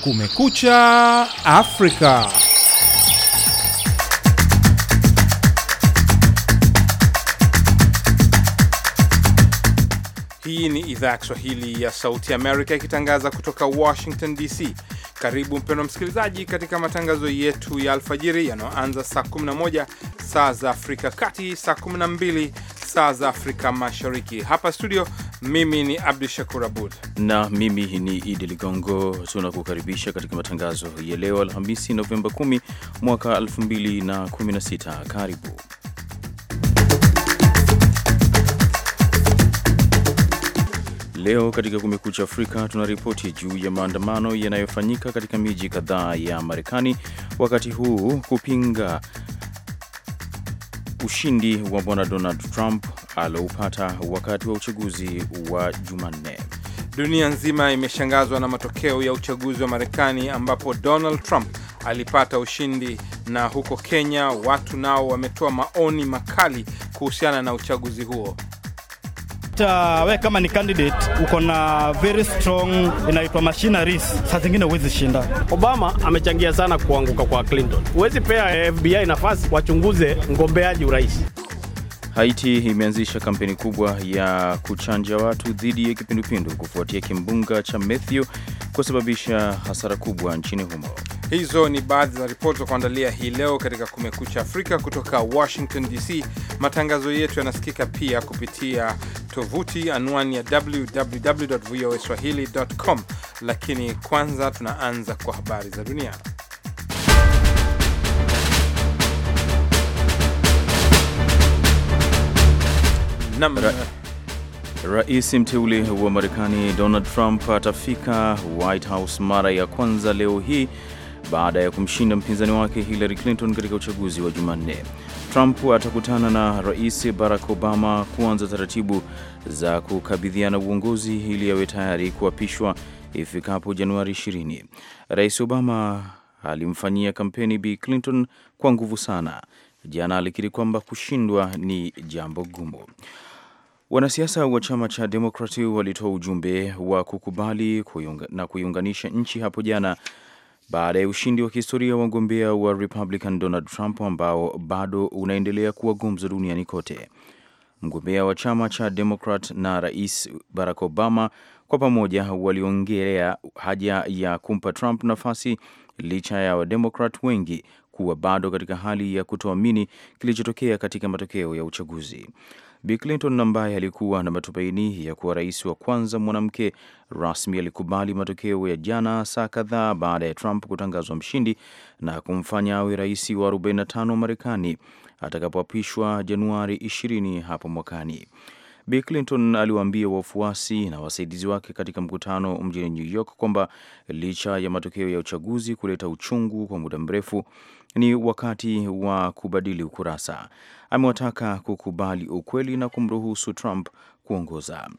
Kumekucha Afrika. Hii ni idhaa ya Kiswahili ya Sauti Amerika ikitangaza kutoka Washington DC. Karibu mpendwa msikilizaji, katika matangazo yetu ya alfajiri yanayoanza saa 11 saa za Afrika Kati, saa 12 saa za Afrika Mashariki. Hapa studio, mimi ni Abdu Shakur Abud na mimi ni Idi Ligongo. Tunakukaribisha katika matangazo ya leo Alhamisi, Novemba 10 mwaka 2016. Karibu Leo katika Kumekucha Afrika tunaripoti juu ya maandamano yanayofanyika katika miji kadhaa ya Marekani wakati huu kupinga ushindi wa bwana Donald Trump alioupata wakati wa uchaguzi wa Jumanne. Dunia nzima imeshangazwa na matokeo ya uchaguzi wa Marekani ambapo Donald Trump alipata ushindi, na huko Kenya watu nao wametoa maoni makali kuhusiana na uchaguzi huo unapata uh, we kama ni candidate uko na very strong inaitwa machineries, saa zingine huwezi shinda. Obama amechangia sana kuanguka kwa Clinton. Huwezi pea FBI nafasi wachunguze mgombeaji urais. Haiti imeanzisha kampeni kubwa ya kuchanja watu dhidi ya kipindupindu kufuatia kimbunga cha Matthew kusababisha hasara kubwa nchini humo. Hizo ni baadhi za ripoti za kuandalia hii leo katika Kumekucha Afrika kutoka Washington DC. Matangazo yetu yanasikika pia kupitia tovuti anwani ya www voa swahili.com, lakini kwanza tunaanza kwa habari za dunia. Ra Rais mteule wa Marekani Donald Trump atafika White House mara ya kwanza leo hii baada ya kumshinda mpinzani wake Hillary Clinton katika uchaguzi wa Jumanne. Trump atakutana na Rais Barack Obama kuanza taratibu za kukabidhiana uongozi ili awe tayari kuapishwa ifikapo Januari 20. Rais Obama alimfanyia kampeni Bi Clinton kwa nguvu sana. Jana alikiri kwamba kushindwa ni jambo gumu. Wanasiasa wa chama cha Demokrati walitoa ujumbe wa kukubali kuyunga, na kuiunganisha nchi hapo jana baada ya ushindi wa kihistoria wa mgombea wa Republican Donald Trump ambao bado unaendelea kuwa gumzo duniani kote. Mgombea wa chama cha Democrat na Rais Barack Obama kwa pamoja waliongelea haja ya kumpa Trump nafasi licha ya Wademokrat wengi kuwa bado katika hali ya kutoamini kilichotokea katika matokeo ya uchaguzi. Bi Clinton ambaye alikuwa na matumaini ya kuwa rais wa kwanza mwanamke rasmi alikubali matokeo ya jana, saa kadhaa baada ya Trump kutangazwa mshindi na kumfanya awe rais wa 45 wa Marekani atakapoapishwa Januari 20 hapo mwakani. Bi Clinton aliwaambia wafuasi na wasaidizi wake katika mkutano mjini New York kwamba licha ya matokeo ya uchaguzi kuleta uchungu kwa muda mrefu ni wakati wa kubadili ukurasa. Amewataka kukubali ukweli na kumruhusu Trump kuongoza.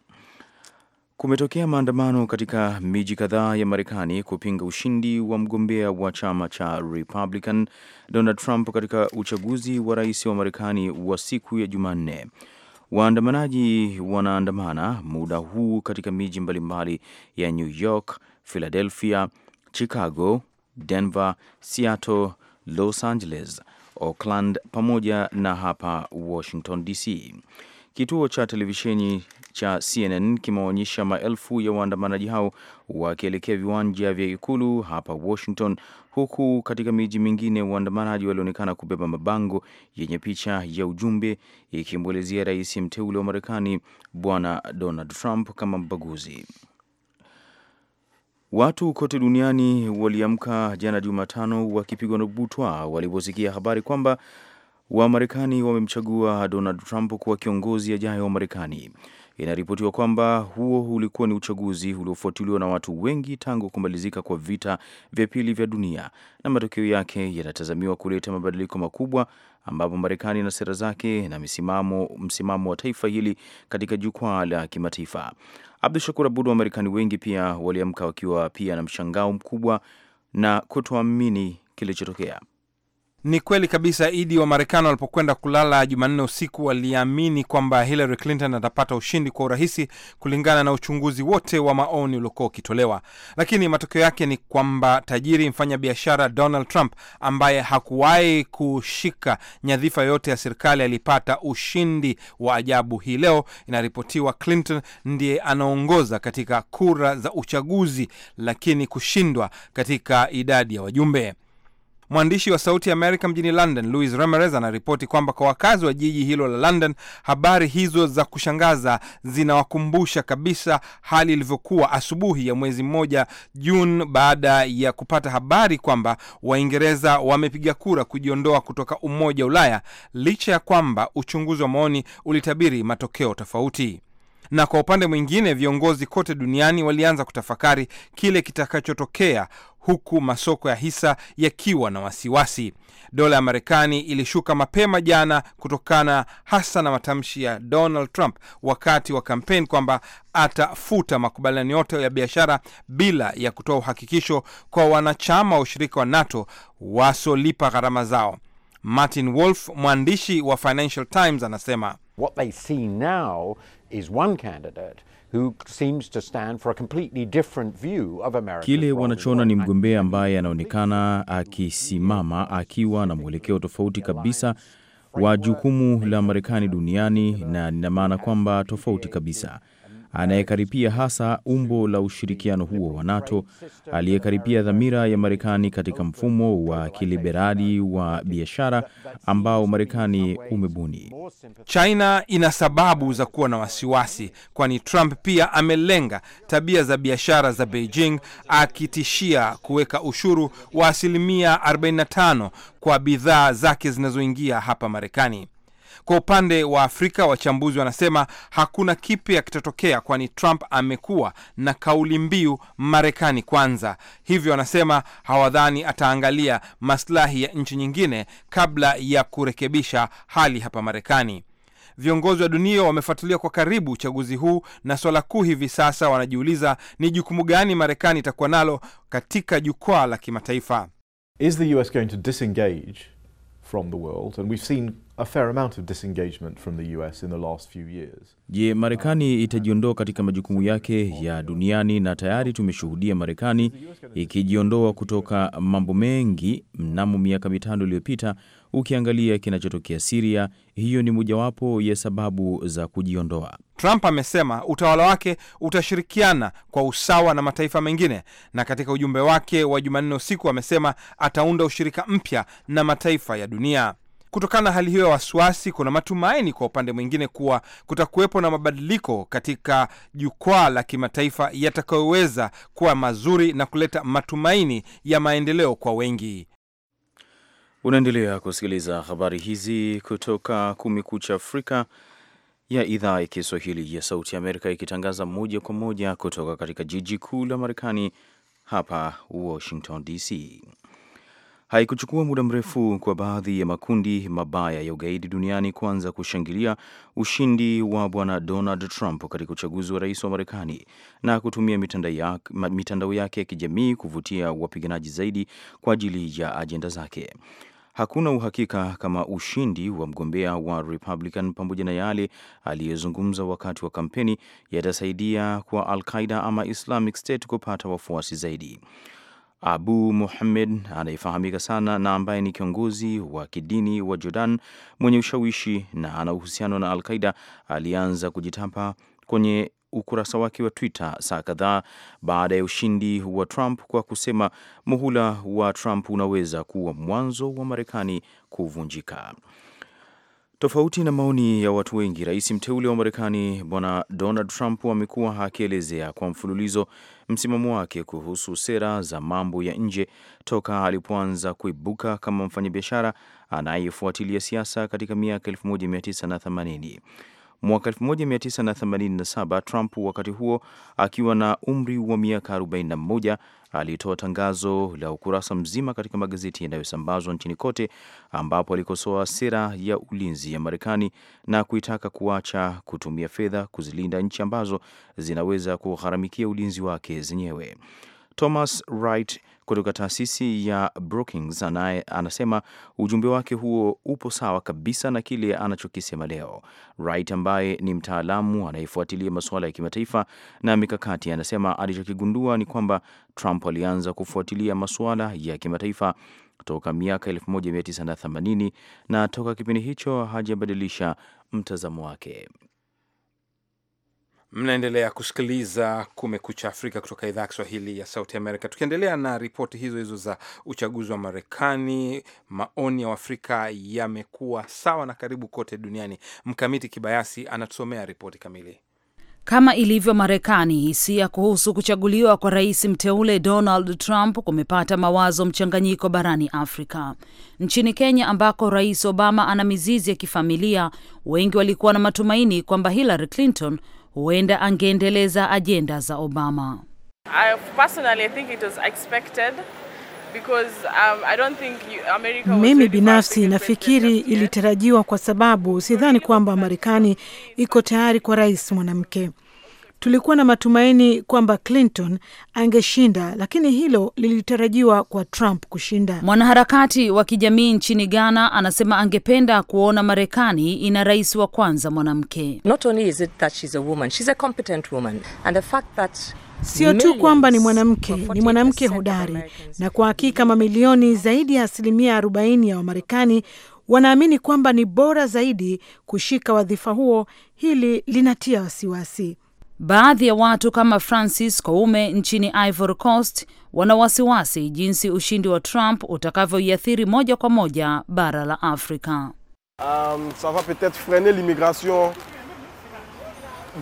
Kumetokea maandamano katika miji kadhaa ya Marekani kupinga ushindi wa mgombea wa chama cha Republican Donald Trump katika uchaguzi wa rais wa Marekani wa siku ya Jumanne. Waandamanaji wanaandamana muda huu katika miji mbalimbali ya New York, Philadelphia, Chicago, Denver, Seattle Los Angeles, Oakland pamoja na hapa Washington DC. Kituo cha televisheni cha CNN kimeonyesha maelfu ya waandamanaji hao wakielekea viwanja vya ikulu hapa Washington, huku katika miji mingine waandamanaji walionekana kubeba mabango yenye picha ya ujumbe ikimwelezea rais mteule wa Marekani Bwana Donald Trump kama mbaguzi. Watu kote duniani waliamka jana Jumatano wakipigwa na butwa waliposikia habari kwamba Wamarekani wamemchagua Donald Trump kuwa kiongozi ajayo wa Marekani. Inaripotiwa kwamba huo ulikuwa ni uchaguzi uliofuatiliwa na watu wengi tangu kumalizika kwa vita vya pili vya dunia, na matokeo yake yanatazamiwa kuleta mabadiliko makubwa, ambapo Marekani na sera zake na msimamo, msimamo wa taifa hili katika jukwaa la kimataifa. Abdu Shakur Abud, wa Marekani wengi pia waliamka wakiwa pia na mshangao mkubwa na kutoamini kilichotokea. Ni kweli kabisa Idi. Wa Marekani walipokwenda kulala Jumanne usiku waliamini kwamba Hillary Clinton atapata ushindi kwa urahisi kulingana na uchunguzi wote wa maoni uliokuwa ukitolewa, lakini matokeo yake ni kwamba tajiri mfanya biashara Donald Trump ambaye hakuwahi kushika nyadhifa yoyote ya serikali alipata ushindi wa ajabu. Hii leo inaripotiwa Clinton ndiye anaongoza katika kura za uchaguzi, lakini kushindwa katika idadi ya wajumbe. Mwandishi wa Sauti ya Amerika mjini London, Louis Ramirez, anaripoti kwamba kwa wakazi wa jiji hilo la London, habari hizo za kushangaza zinawakumbusha kabisa hali ilivyokuwa asubuhi ya mwezi mmoja Juni, baada ya kupata habari kwamba Waingereza wamepiga kura kujiondoa kutoka Umoja wa Ulaya, licha ya kwamba uchunguzi wa maoni ulitabiri matokeo tofauti na kwa upande mwingine viongozi kote duniani walianza kutafakari kile kitakachotokea huku masoko ya hisa yakiwa na wasiwasi. Dola ya Marekani ilishuka mapema jana kutokana hasa na matamshi ya Donald Trump wakati wa kampeni kwamba atafuta makubaliano yote ya biashara bila ya kutoa uhakikisho kwa wanachama wa ushirika wa NATO wasiolipa gharama zao. Martin Wolf, mwandishi wa Financial Times, anasema What they see now is one candidate Kile wanachoona ni mgombea ambaye anaonekana akisimama akiwa na mwelekeo tofauti kabisa wa jukumu la Marekani duniani, na nina maana kwamba tofauti kabisa anayekaripia hasa umbo la ushirikiano huo wa NATO, aliyekaripia dhamira ya Marekani katika mfumo wa kiliberali wa biashara ambao Marekani umebuni. China ina sababu za kuwa na wasiwasi, kwani Trump pia amelenga tabia za biashara za Beijing, akitishia kuweka ushuru wa asilimia 45 kwa bidhaa zake zinazoingia hapa Marekani. Kwa upande wa Afrika, wachambuzi wanasema hakuna kipya kitatokea, kwani Trump amekuwa na kauli mbiu Marekani kwanza. Hivyo wanasema hawadhani ataangalia maslahi ya nchi nyingine kabla ya kurekebisha hali hapa Marekani. Viongozi wa dunia wamefuatilia kwa karibu uchaguzi huu na swala kuu hivi sasa wanajiuliza ni jukumu gani Marekani itakuwa nalo katika jukwaa la kimataifa. Is the US going to disengage from the world? And we've seen a fair amount of disengagement from the US in the last few years. Je, Marekani itajiondoa katika majukumu yake ya duniani na tayari tumeshuhudia Marekani ikijiondoa kutoka mambo mengi mnamo miaka mitano iliyopita. Ukiangalia kinachotokea Siria, hiyo ni mojawapo ya sababu za kujiondoa. Trump amesema utawala wake utashirikiana kwa usawa na mataifa mengine, na katika ujumbe wake wa Jumanne usiku amesema ataunda ushirika mpya na mataifa ya dunia. Kutokana na hali hiyo ya wasiwasi, kuna matumaini kwa upande mwingine kuwa kutakuwepo na mabadiliko katika jukwaa la kimataifa yatakayoweza kuwa mazuri na kuleta matumaini ya maendeleo kwa wengi. Unaendelea kusikiliza habari hizi kutoka Kumekucha Afrika ya idhaa ya Kiswahili ya Sauti Amerika, ikitangaza moja kwa moja kutoka katika jiji kuu la Marekani, hapa Washington DC. Haikuchukua muda mrefu kwa baadhi ya makundi mabaya ya ugaidi duniani kuanza kushangilia ushindi wa bwana Donald Trump katika uchaguzi wa rais wa Marekani na kutumia mitandao yake yake ya kijamii kuvutia wapiganaji zaidi kwa ajili ya ajenda zake. Hakuna uhakika kama ushindi wa mgombea wa Republican pamoja na yale aliyezungumza wakati wa kampeni yatasaidia kwa Al-Qaida ama Islamic State kupata wafuasi zaidi. Abu Muhammed anayefahamika sana na ambaye ni kiongozi wa kidini wa Jordan mwenye ushawishi na ana uhusiano na Al Qaida alianza kujitapa kwenye ukurasa wake wa Twitter saa kadhaa baada ya ushindi wa Trump kwa kusema muhula wa Trump unaweza kuwa mwanzo wa Marekani kuvunjika. Tofauti na maoni ya watu wengi, rais mteule wa Marekani Bwana Donald Trump amekuwa akielezea kwa mfululizo msimamo wake kuhusu sera za mambo ya nje toka alipoanza kuibuka kama mfanyabiashara anayefuatilia siasa katika miaka 1980. Mwaka 1987 Trump, wakati huo akiwa na umri wa miaka 41, alitoa tangazo la ukurasa mzima katika magazeti yanayosambazwa nchini kote, ambapo alikosoa sera ya ulinzi ya Marekani na kuitaka kuacha kutumia fedha kuzilinda nchi ambazo zinaweza kugharamikia ulinzi wake zenyewe. Thomas Wright kutoka taasisi ya Brookings anaye, anasema ujumbe wake huo upo sawa kabisa na kile anachokisema leo. Wright ambaye ni mtaalamu anayefuatilia masuala ya kimataifa na mikakati, anasema alichokigundua ni kwamba Trump alianza kufuatilia masuala ya kimataifa toka miaka 1980 na toka kipindi hicho hajabadilisha mtazamo wake. Mnaendelea kusikiliza Kumekucha Afrika kutoka idhaa ya Kiswahili ya Sauti Amerika, tukiendelea na ripoti hizo hizo za uchaguzi wa Marekani. Maoni ya Waafrika yamekuwa sawa na karibu kote duniani. Mkamiti Kibayasi anatusomea ripoti kamili. Kama ilivyo Marekani, hisia kuhusu kuchaguliwa kwa rais mteule Donald Trump kumepata mawazo mchanganyiko barani Afrika. Nchini Kenya, ambako Rais Obama ana mizizi ya kifamilia, wengi walikuwa na matumaini kwamba Hillary Clinton huenda angeendeleza ajenda za Obama. Um, Mimi binafsi nafikiri ilitarajiwa, kwa sababu sidhani kwamba Marekani iko tayari kwa rais mwanamke. Tulikuwa na matumaini kwamba Clinton angeshinda, lakini hilo lilitarajiwa kwa Trump kushinda. Mwanaharakati wa kijamii nchini Ghana anasema angependa kuona Marekani ina rais wa kwanza mwanamke. Sio tu kwamba ni mwanamke, ni mwanamke hodari, na kwa hakika mamilioni zaidi ya asilimia 40 ya Wamarekani wanaamini kwamba ni bora zaidi kushika wadhifa huo. Hili linatia wasiwasi. Baadhi ya watu kama Francis Koume nchini Ivory Coast wana wasiwasi jinsi ushindi wa Trump utakavyoiathiri moja kwa moja bara la Afrika. Um, ça va peut-être freiner l'immigration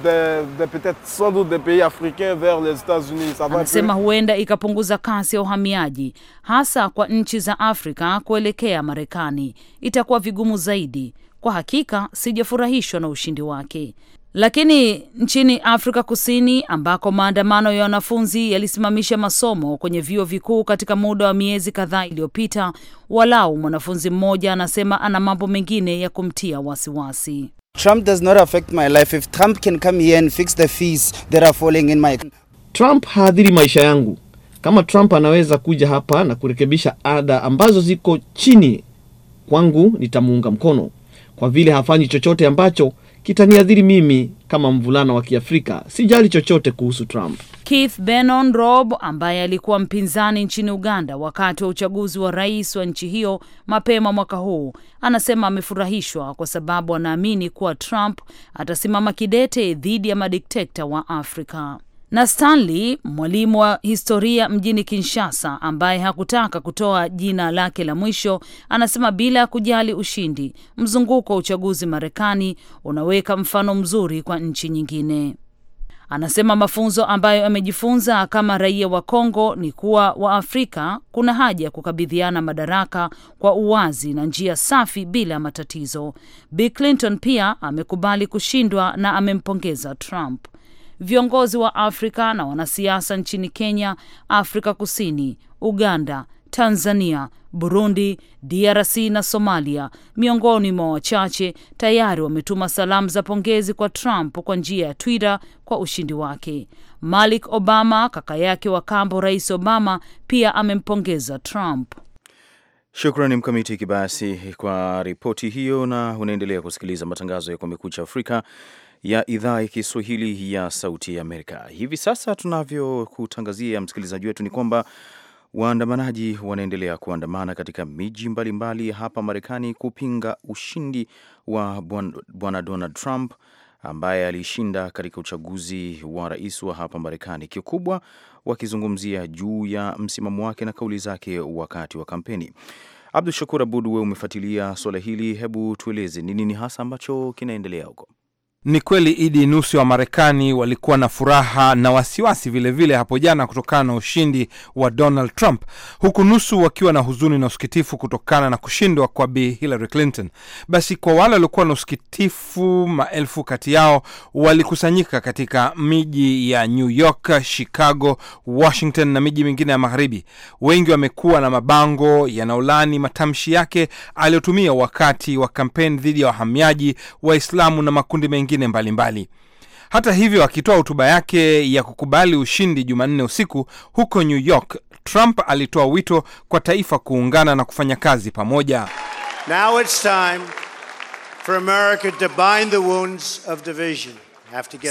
de, de peut-être sans doute des pays africains vers les États-Unis. Anasema huenda ikapunguza kasi ya uhamiaji hasa kwa nchi za Afrika kuelekea Marekani. Itakuwa vigumu zaidi. Kwa hakika sijafurahishwa na ushindi wake. Lakini nchini Afrika Kusini ambako maandamano ya wanafunzi yalisimamisha masomo kwenye vyuo vikuu katika muda wa miezi kadhaa iliyopita, walau mwanafunzi mmoja anasema ana mambo mengine ya kumtia wasiwasi. Trump does not affect my life. If Trump can come here and fix the fees that are falling in my... Trump haadhiri maisha yangu. Kama Trump anaweza kuja hapa na kurekebisha ada ambazo ziko chini kwangu, nitamuunga mkono kwa vile hafanyi chochote ambacho kitaniadhiri mimi kama mvulana wa Kiafrika, sijali chochote kuhusu Trump. Keith Benon Rob ambaye alikuwa mpinzani nchini Uganda wakati wa uchaguzi wa rais wa nchi hiyo mapema mwaka huu, anasema amefurahishwa kwa sababu anaamini kuwa Trump atasimama kidete dhidi ya madiktekta wa Afrika na Stanley, mwalimu wa historia mjini Kinshasa, ambaye hakutaka kutoa jina lake la mwisho, anasema bila ya kujali ushindi, mzunguko wa uchaguzi Marekani unaweka mfano mzuri kwa nchi nyingine. Anasema mafunzo ambayo amejifunza kama raia wa Kongo ni kuwa Waafrika kuna haja ya kukabidhiana madaraka kwa uwazi na njia safi bila ya matatizo. bill Clinton pia amekubali kushindwa na amempongeza Trump viongozi wa Afrika na wanasiasa nchini Kenya, Afrika Kusini, Uganda, Tanzania, Burundi, DRC na Somalia miongoni mwa wachache tayari wametuma salamu za pongezi kwa Trump kwa njia ya Twitter kwa ushindi wake. Malik Obama, kaka yake wa kambo Rais Obama, pia amempongeza Trump. Shukrani Mkamiti Kibayasi kwa ripoti hiyo, na unaendelea kusikiliza matangazo ya Kumekucha Afrika ya idhaa ya Kiswahili ya Sauti ya Amerika. Hivi sasa tunavyokutangazia msikilizaji wetu ni kwamba waandamanaji wanaendelea kuandamana katika miji mbalimbali hapa Marekani kupinga ushindi wa bwana Donald Trump ambaye alishinda katika uchaguzi wa rais wa hapa Marekani, kikubwa wakizungumzia juu ya msimamo wake na kauli zake wakati wa kampeni. Abdu Shakur Abud, we umefuatilia suala hili, hebu tueleze ni nini hasa ambacho kinaendelea huko? Ni kweli Idi, nusu wa Marekani walikuwa na furaha na wasiwasi vilevile vile hapo jana kutokana na ushindi wa Donald Trump, huku nusu wakiwa na huzuni na usikitifu kutokana na kushindwa kwa Bi Hillary Clinton. Basi kwa wale waliokuwa na usikitifu, maelfu kati yao walikusanyika katika miji ya New York, Chicago, Washington na miji mingine ya magharibi. Wengi wamekuwa na mabango yanaolani matamshi yake aliyotumia wakati wa kampeni dhidi ya wahamiaji Waislamu na makundi mengi nyingine mbalimbali mbali. Hata hivyo, akitoa hotuba yake ya kukubali ushindi Jumanne usiku huko New York, Trump alitoa wito kwa taifa kuungana na kufanya kazi pamoja. Now it's time for America to bind the wounds of division.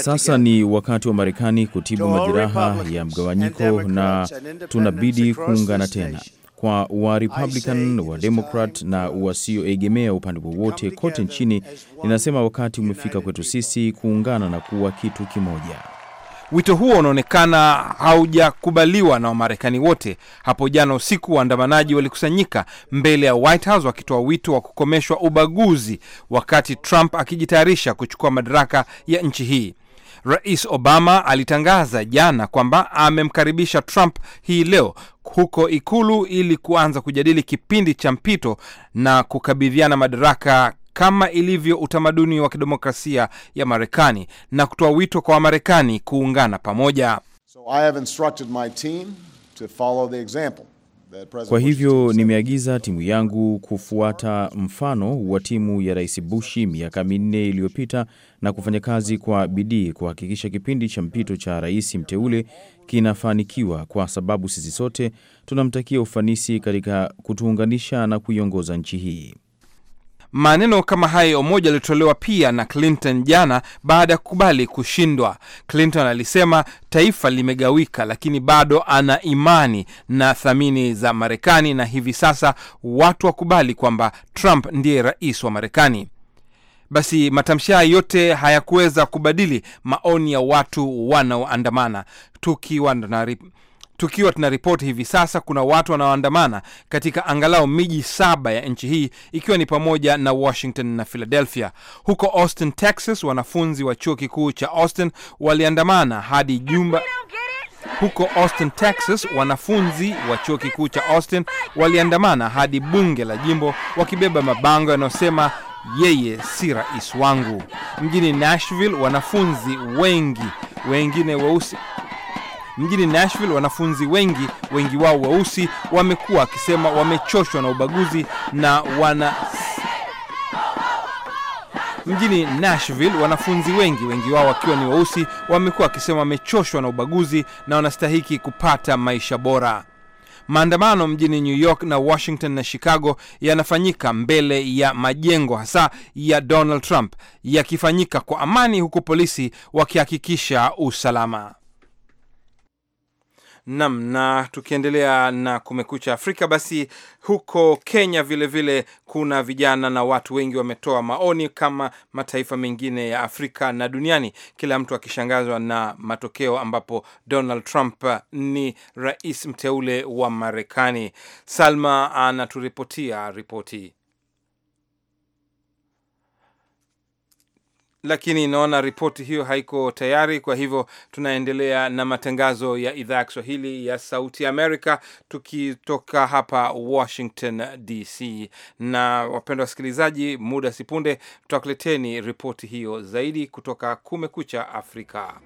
Sasa ni wakati wa Marekani kutibu majeraha ya mgawanyiko na tunabidi kuungana tena kwa wa Republican, wa Democrat na uh, wasioegemea upande wowote kote nchini, ninasema wakati umefika kwetu sisi kuungana na kuwa kitu kimoja. Wito huo unaonekana haujakubaliwa na Wamarekani wote. Hapo jana usiku, waandamanaji walikusanyika mbele ya White House wakitoa wito wa kukomeshwa ubaguzi, wakati Trump akijitayarisha kuchukua madaraka ya nchi hii. Rais Obama alitangaza jana kwamba amemkaribisha Trump hii leo huko Ikulu ili kuanza kujadili kipindi cha mpito na kukabidhiana madaraka kama ilivyo utamaduni wa kidemokrasia ya Marekani na kutoa wito kwa Wamarekani kuungana pamoja. So I have instructed my team to follow the example kwa hivyo nimeagiza timu yangu kufuata mfano wa timu ya Rais Bushi miaka minne iliyopita na kufanya kazi kwa bidii kuhakikisha kipindi cha mpito cha rais mteule kinafanikiwa, kwa sababu sisi sote tunamtakia ufanisi katika kutuunganisha na kuiongoza nchi hii. Maneno kama hayo ya umoja yalitolewa pia na Clinton jana baada ya kukubali kushindwa. Clinton alisema taifa limegawika, lakini bado ana imani na thamini za Marekani, na hivi sasa watu wakubali kwamba Trump ndiye rais wa Marekani. Basi matamshi hayo yote hayakuweza kubadili maoni ya watu wanaoandamana tukiwa tukiwa tunaripoti hivi sasa, kuna watu wanaoandamana katika angalau miji saba ya nchi hii ikiwa ni pamoja na Washington na Philadelphia. Huko Austin, Texas, wanafunzi wa chuo kikuu cha Austin waliandamana hadi jumba huko Austin, Texas, wanafunzi wa chuo kikuu cha Austin waliandamana hadi bunge la jimbo wakibeba mabango yanayosema yeye si rais wangu. Mjini Nashville, wanafunzi wengi wengine weusi Mjini Nashville, wanafunzi wengi, wengi wao weusi, wamekuwa wakisema wamechoshwa na ubaguzi na wana Mjini Nashville wanafunzi wengi, wengi wao wakiwa ni weusi, wamekuwa wakisema wamechoshwa na ubaguzi na wanastahiki kupata maisha bora. Maandamano mjini New York na Washington na Chicago yanafanyika mbele ya majengo hasa ya Donald Trump, yakifanyika kwa amani, huku polisi wakihakikisha usalama. Nam, na tukiendelea na Kumekucha Afrika, basi huko Kenya vilevile vile kuna vijana na watu wengi wametoa maoni kama mataifa mengine ya Afrika na duniani, kila mtu akishangazwa na matokeo ambapo Donald Trump ni rais mteule wa Marekani. Salma anaturipotia ripoti. lakini naona ripoti hiyo haiko tayari. Kwa hivyo tunaendelea na matangazo ya idhaa ya Kiswahili ya Sauti Amerika tukitoka hapa Washington DC. Na wapendwa wasikilizaji, muda sipunde tutakuleteni ripoti hiyo zaidi kutoka Kumekucha Afrika.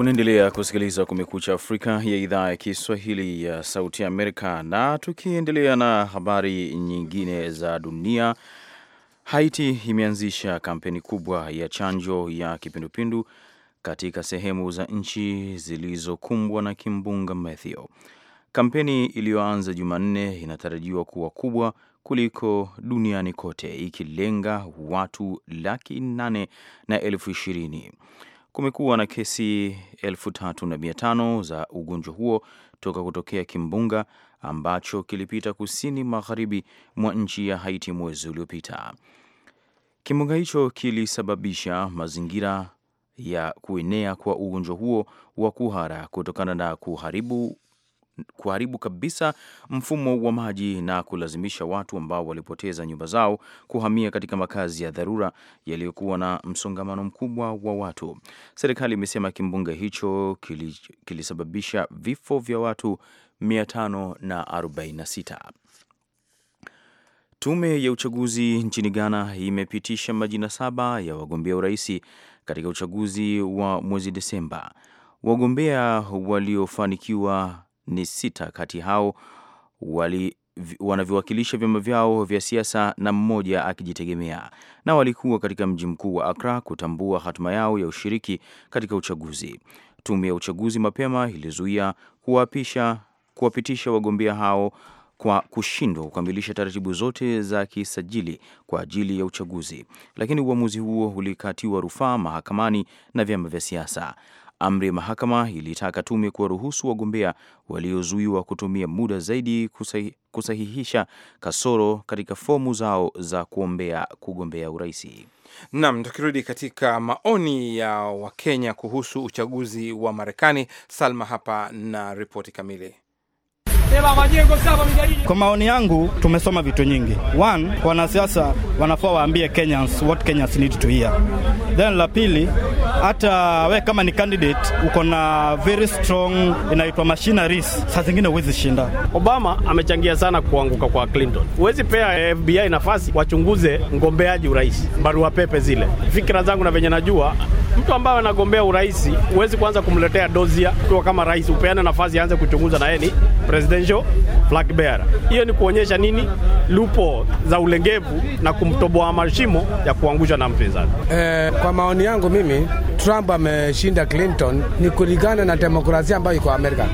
Unaendelea kusikiliza Kumekucha Afrika ya idhaa ya Kiswahili ya Sauti Amerika, na tukiendelea na habari nyingine za dunia, Haiti imeanzisha kampeni kubwa ya chanjo ya kipindupindu katika sehemu za nchi zilizokumbwa na kimbunga Matthew. Kampeni iliyoanza Jumanne inatarajiwa kuwa kubwa kuliko duniani kote, ikilenga watu laki nane na elfu ishirini kumekuwa na kesi 3500 za ugonjwa huo toka kutokea kimbunga ambacho kilipita kusini magharibi mwa nchi ya Haiti mwezi uliopita. Kimbunga hicho kilisababisha mazingira ya kuenea kwa ugonjwa huo wa kuhara kutokana na kuharibu kuharibu kabisa mfumo wa maji na kulazimisha watu ambao walipoteza nyumba zao kuhamia katika makazi ya dharura yaliyokuwa na msongamano mkubwa wa watu. Serikali imesema kimbunga hicho kilisababisha vifo vya watu 546. Tume ya uchaguzi nchini Ghana imepitisha majina saba ya wagombea urais katika uchaguzi wa mwezi Desemba. Wagombea waliofanikiwa ni sita kati hao wali wanavyowakilisha vyama vyao vya siasa na mmoja akijitegemea na walikuwa katika mji mkuu wa Accra kutambua hatima yao ya ushiriki katika uchaguzi. Tume ya uchaguzi mapema ilizuia kuwapisha kuwapitisha wagombea hao kwa kushindwa kukamilisha taratibu zote za kisajili kwa ajili ya uchaguzi, lakini uamuzi huo ulikatiwa rufaa mahakamani na vyama vya siasa. Amri ya mahakama ilitaka tume kuwaruhusu wagombea waliozuiwa kutumia muda zaidi kusahihisha kasoro katika fomu zao za kuombea kugombea uraisi. Nam, tukirudi katika maoni ya Wakenya kuhusu uchaguzi wa Marekani, Salma hapa na ripoti kamili. Kwa maoni yangu tumesoma vitu nyingi. One, wanasiasa wanafaa waambie Kenyans what Kenyans need to hear. Then la pili hata we kama ni candidate uko na very strong inaitwa machineries, saa zingine huwezi shinda. Obama amechangia sana kuanguka kwa Clinton. Huwezi pea eh, FBI nafasi wachunguze mgombeaji urais, barua pepe zile. Fikira zangu na venye najua mtu ambaye anagombea urais huwezi kuanza kumletea dozia kwa kama rais, upeane nafasi aanze kuchunguza na yeye ni presidential flag bearer. Hiyo ni kuonyesha nini? Lupo za ulengevu na kumtoboa mashimo ya kuangusha na mpinzani. Eh, kwa maoni yangu mimi Trump ameshinda Clinton ni kulingana na demokrasia ambayo iko Amerika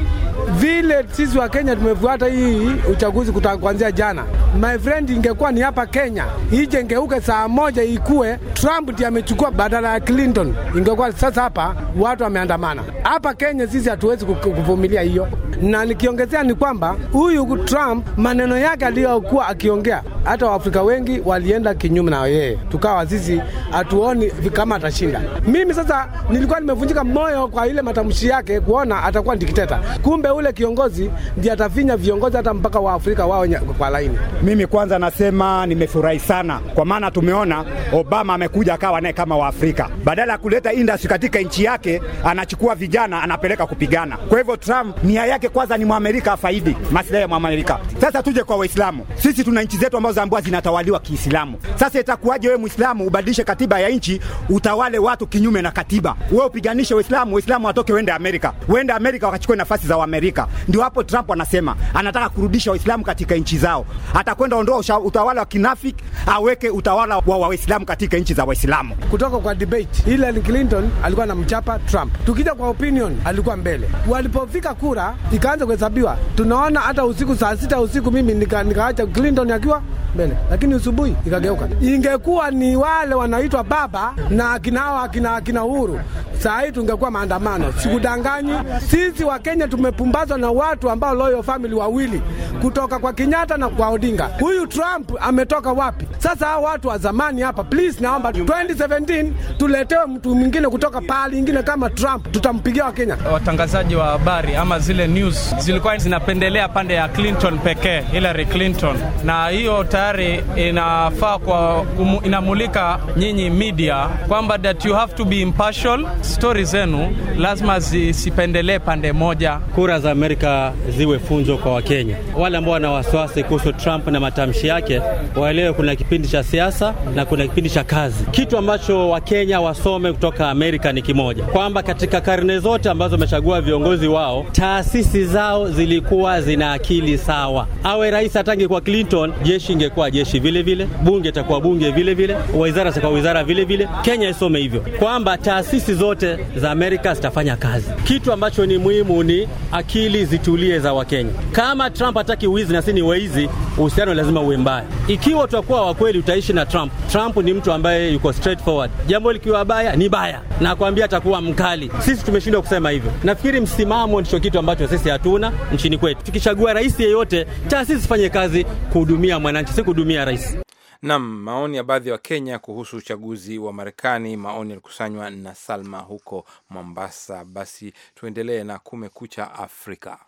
vile sisi wa Kenya tumefuata hii uchaguzi kuanzia jana, my friend, ingekuwa ni hapa Kenya ije ngeuke saa moja ikue Trump ndiye amechukua badala ya Clinton, ingekuwa sasa hapa watu wameandamana hapa Kenya. Sisi hatuwezi kuvumilia hiyo, na nikiongezea ni kwamba huyu Trump maneno yake aliyokuwa akiongea, hata Waafrika wengi walienda kinyume na yeye, tukawa sisi hatuoni kama atashinda. Mimi sasa nilikuwa nimevunjika moyo kwa ile matamshi yake, kuona atakuwa dikteta, kumbe ule yule kiongozi ndiye atafinya viongozi hata mpaka wa Afrika wao kwa laini. Mimi kwanza nasema nimefurahi sana, kwa maana tumeona Obama amekuja akawa naye kama Waafrika, badala ya kuleta industry katika nchi yake anachukua vijana anapeleka kupigana. Kwa hivyo Trump nia yake kwanza ni Mwamerika afaidi maslahi ya Mwamerika. Sasa tuje kwa Waislamu, sisi tuna nchi zetu ambazo ambazo zinatawaliwa Kiislamu. Sasa itakuwaje wewe Muislamu ubadilishe katiba ya nchi utawale watu kinyume na katiba? Wewe upiganishe Waislamu, Waislamu watoke wende Amerika, wende Amerika wakachukue nafasi za Waamerika. Amerika. Ndio hapo Trump anasema anataka kurudisha Waislamu katika nchi zao, atakwenda ondoa utawala wa kinafiki, aweke utawala wa Waislamu katika nchi za Waislamu. Kutoka kwa debate, Hillary Clinton alikuwa anamchapa Trump. Tukija kwa opinion, alikuwa mbele. Walipofika kura ikaanza kuhesabiwa, tunaona hata usiku saa sita usiku mimi nikaacha nika Clinton akiwa mbele, lakini asubuhi ikageuka. Ingekuwa ni wale wanaitwa baba na akina akina akina Uhuru, saa hii tungekuwa maandamano. Sikudanganyi, sisi wa Kenya tumepumbazwa na watu ambao loyal family wawili kutoka kwa Kenyatta na kwa Odinga. Huyu Trump ametoka wapi? Sasa hao watu wa zamani hapa, please, naomba 2017 tuletewe mtu mwingine kutoka pahali ingine kama Trump, tutampigia Wakenya. Watangazaji wa habari ama zile news zilikuwa zinapendelea pande ya Clinton pekee, Hillary Clinton, na hiyo tayari tayari inafaa kwa inamulika nyinyi media kwamba that you have to be impartial. Stori zenu lazima zisipendelee pande moja. Kura za Amerika ziwe funzo kwa Wakenya wale ambao wana wasiwasi kuhusu Trump na matamshi yake, waelewe kuna kipindi cha siasa na kuna kipindi cha kazi. Kitu ambacho Wakenya wasome kutoka Amerika ni kimoja, kwamba katika karne zote ambazo wamechagua viongozi wao, taasisi zao zilikuwa zina akili sawa. Awe rais atangi kwa Clinton, jeshi inge itakuwa jeshi vile vile, bunge itakuwa bunge vile vile, wizara itakuwa wizara vile vile. Kenya isome hivyo kwamba taasisi zote za Amerika zitafanya kazi. Kitu ambacho ni muhimu ni akili zitulie za Wakenya. Kama Trump hataki wizi na si ni wezi uhusiano lazima uwe mbaya. Ikiwa utakuwa wa kweli, utaishi na Trump. Trump ni mtu ambaye yuko straightforward, jambo likiwa baya ni baya, na kwambia atakuwa mkali. Sisi tumeshindwa kusema hivyo. Nafikiri msimamo ndicho kitu ambacho sisi hatuna nchini kwetu. Tukichagua rais yeyote, taasisi zifanye kazi kuhudumia mwananchi, si kuhudumia rais. Nam, maoni ya baadhi ya Wakenya kuhusu uchaguzi wa Marekani. Maoni yalikusanywa na Salma huko Mombasa. Basi tuendelee na Kumekucha Afrika.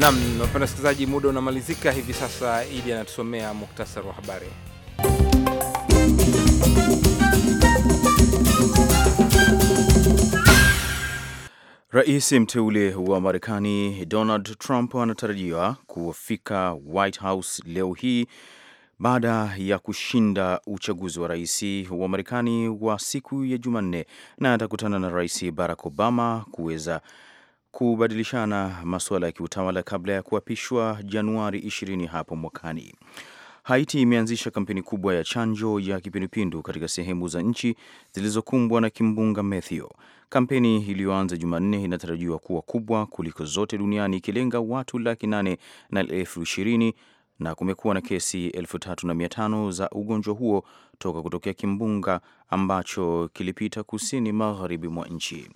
Naam, wapenda wasikilizaji, muda unamalizika hivi sasa. Idi anatusomea muktasari wa habari. Rais mteule wa Marekani Donald Trump anatarajiwa kufika White House leo hii baada ya kushinda uchaguzi wa rais wa Marekani wa siku ya Jumanne, na atakutana na Rais Barack Obama kuweza kubadilishana masuala ya kiutawala kabla ya kuapishwa Januari 20 hapo mwakani. Haiti imeanzisha kampeni kubwa ya chanjo ya kipindupindu katika sehemu za nchi zilizokumbwa na kimbunga Matthew. Kampeni iliyoanza Jumanne inatarajiwa kuwa kubwa kuliko zote duniani ikilenga watu laki nane na elfu ishirini na kumekuwa na kesi elfu tatu na mia tano za ugonjwa huo toka kutokea kimbunga ambacho kilipita kusini magharibi mwa nchi.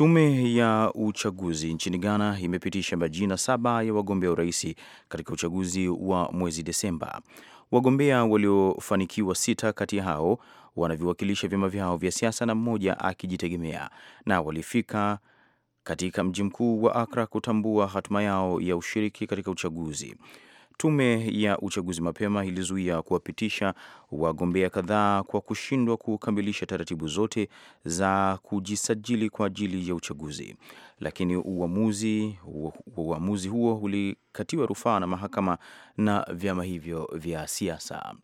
Tume ya uchaguzi nchini Ghana imepitisha majina saba ya wagombea urais katika uchaguzi wa mwezi Desemba. Wagombea waliofanikiwa sita kati ya hao wanaviwakilisha vyama vyao vya siasa na mmoja akijitegemea, na walifika katika mji mkuu wa Akra kutambua hatima yao ya ushiriki katika uchaguzi. Tume ya uchaguzi mapema ilizuia kuwapitisha wagombea kadhaa kwa kushindwa kukamilisha taratibu zote za kujisajili kwa ajili ya uchaguzi, lakini uamuzi, uamuzi huo ulikatiwa rufaa na mahakama na vyama hivyo vya siasa.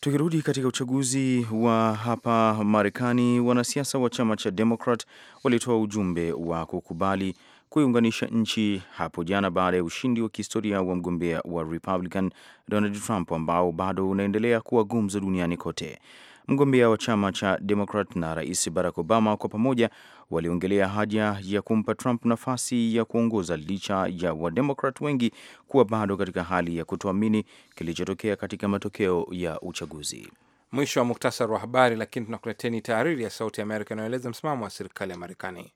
Tukirudi katika uchaguzi wa hapa Marekani, wanasiasa wa chama cha Democrat walitoa ujumbe wa kukubali kuiunganisha nchi hapo jana baada ya ushindi wa kihistoria wa mgombea wa Republican Donald Trump ambao bado unaendelea kuwa gumzo duniani kote. Mgombea wa chama cha Demokrat na Rais Barack Obama kwa pamoja waliongelea haja ya kumpa Trump nafasi ya kuongoza licha ya Wademokrat wengi kuwa bado katika hali ya kutoamini kilichotokea katika matokeo ya uchaguzi. Mwisho wa muktasari wa habari, lakini tunakuleteni tahariri ya Sauti ya Amerika inayoeleza msimamo wa serikali ya Marekani.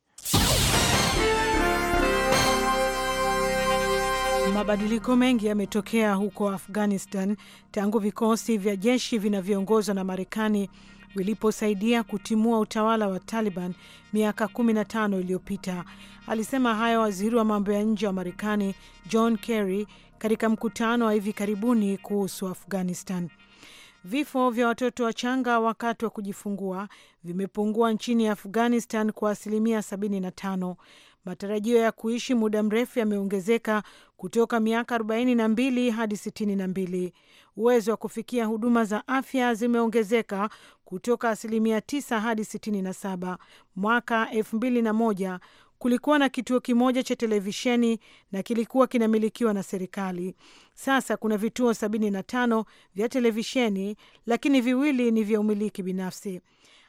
Mabadiliko mengi yametokea huko Afghanistan tangu vikosi vya jeshi vinavyoongozwa na Marekani viliposaidia kutimua utawala wa Taliban miaka 15 iliyopita. Alisema hayo waziri wa mambo ya nje wa Marekani John Kerry katika mkutano wa hivi karibuni kuhusu Afghanistan. Vifo vya watoto wachanga wakati wa kujifungua vimepungua nchini Afghanistan kwa asilimia 75 Matarajio ya kuishi muda mrefu yameongezeka kutoka miaka 42 hadi 62. Uwezo wa kufikia huduma za afya zimeongezeka kutoka asilimia 9 hadi 67. Mwaka 2001 kulikuwa na kituo kimoja cha televisheni na kilikuwa kinamilikiwa na serikali. Sasa kuna vituo 75 vya televisheni, lakini viwili ni vya umiliki binafsi.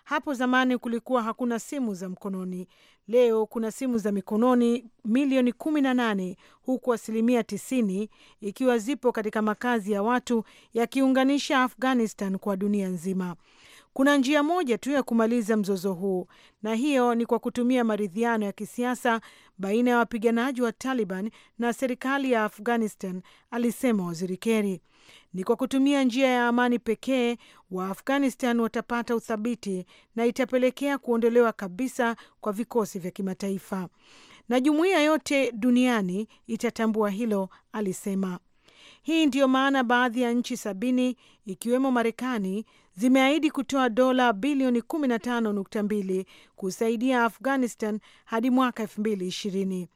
Hapo zamani kulikuwa hakuna simu za mkononi. Leo kuna simu za mikononi milioni kumi na nane huku asilimia tisini ikiwa zipo katika makazi ya watu yakiunganisha Afghanistan kwa dunia nzima. Kuna njia moja tu ya kumaliza mzozo huu, na hiyo ni kwa kutumia maridhiano ya kisiasa baina ya wapiganaji wa Taliban na serikali ya Afghanistan, alisema waziri Keri. Ni kwa kutumia njia ya amani pekee wa Afghanistan watapata uthabiti na itapelekea kuondolewa kabisa kwa vikosi vya kimataifa, na jumuiya yote duniani itatambua hilo, alisema. Hii ndiyo maana baadhi ya nchi sabini ikiwemo Marekani zimeahidi kutoa dola bilioni 15.2 kusaidia Afghanistan hadi mwaka 2020.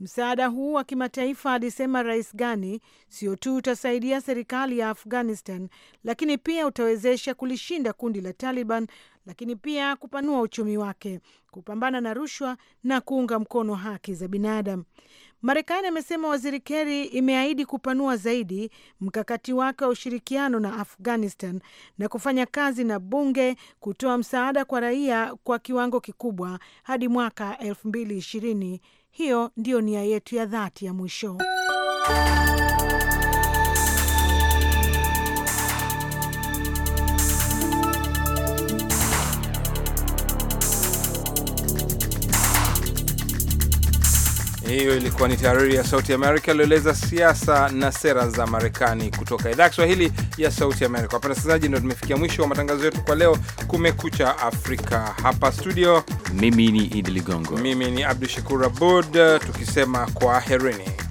Msaada huu wa kimataifa, alisema Rais Gani, sio tu utasaidia serikali ya Afghanistan, lakini pia utawezesha kulishinda kundi la Taliban lakini pia kupanua uchumi wake, kupambana na rushwa na kuunga mkono haki za binadamu. Marekani, amesema Waziri Kerry, imeahidi kupanua zaidi mkakati wake wa ushirikiano na Afghanistan na kufanya kazi na bunge kutoa msaada kwa raia kwa kiwango kikubwa hadi mwaka 2020. Hiyo ndiyo nia yetu ya dhati ya mwisho. Hiyo ilikuwa ni tahariri ya Sauti Amerika iliyoeleza siasa na sera za Marekani kutoka idhaa ya Kiswahili ya Sauti Amerika. Wapenda wasikilizaji, ndio tumefikia mwisho wa matangazo yetu kwa leo. Kumekucha Afrika hapa studio, mimi ni Idi Ligongo, mimi ni Abdu Shakur Abud, tukisema kwa herini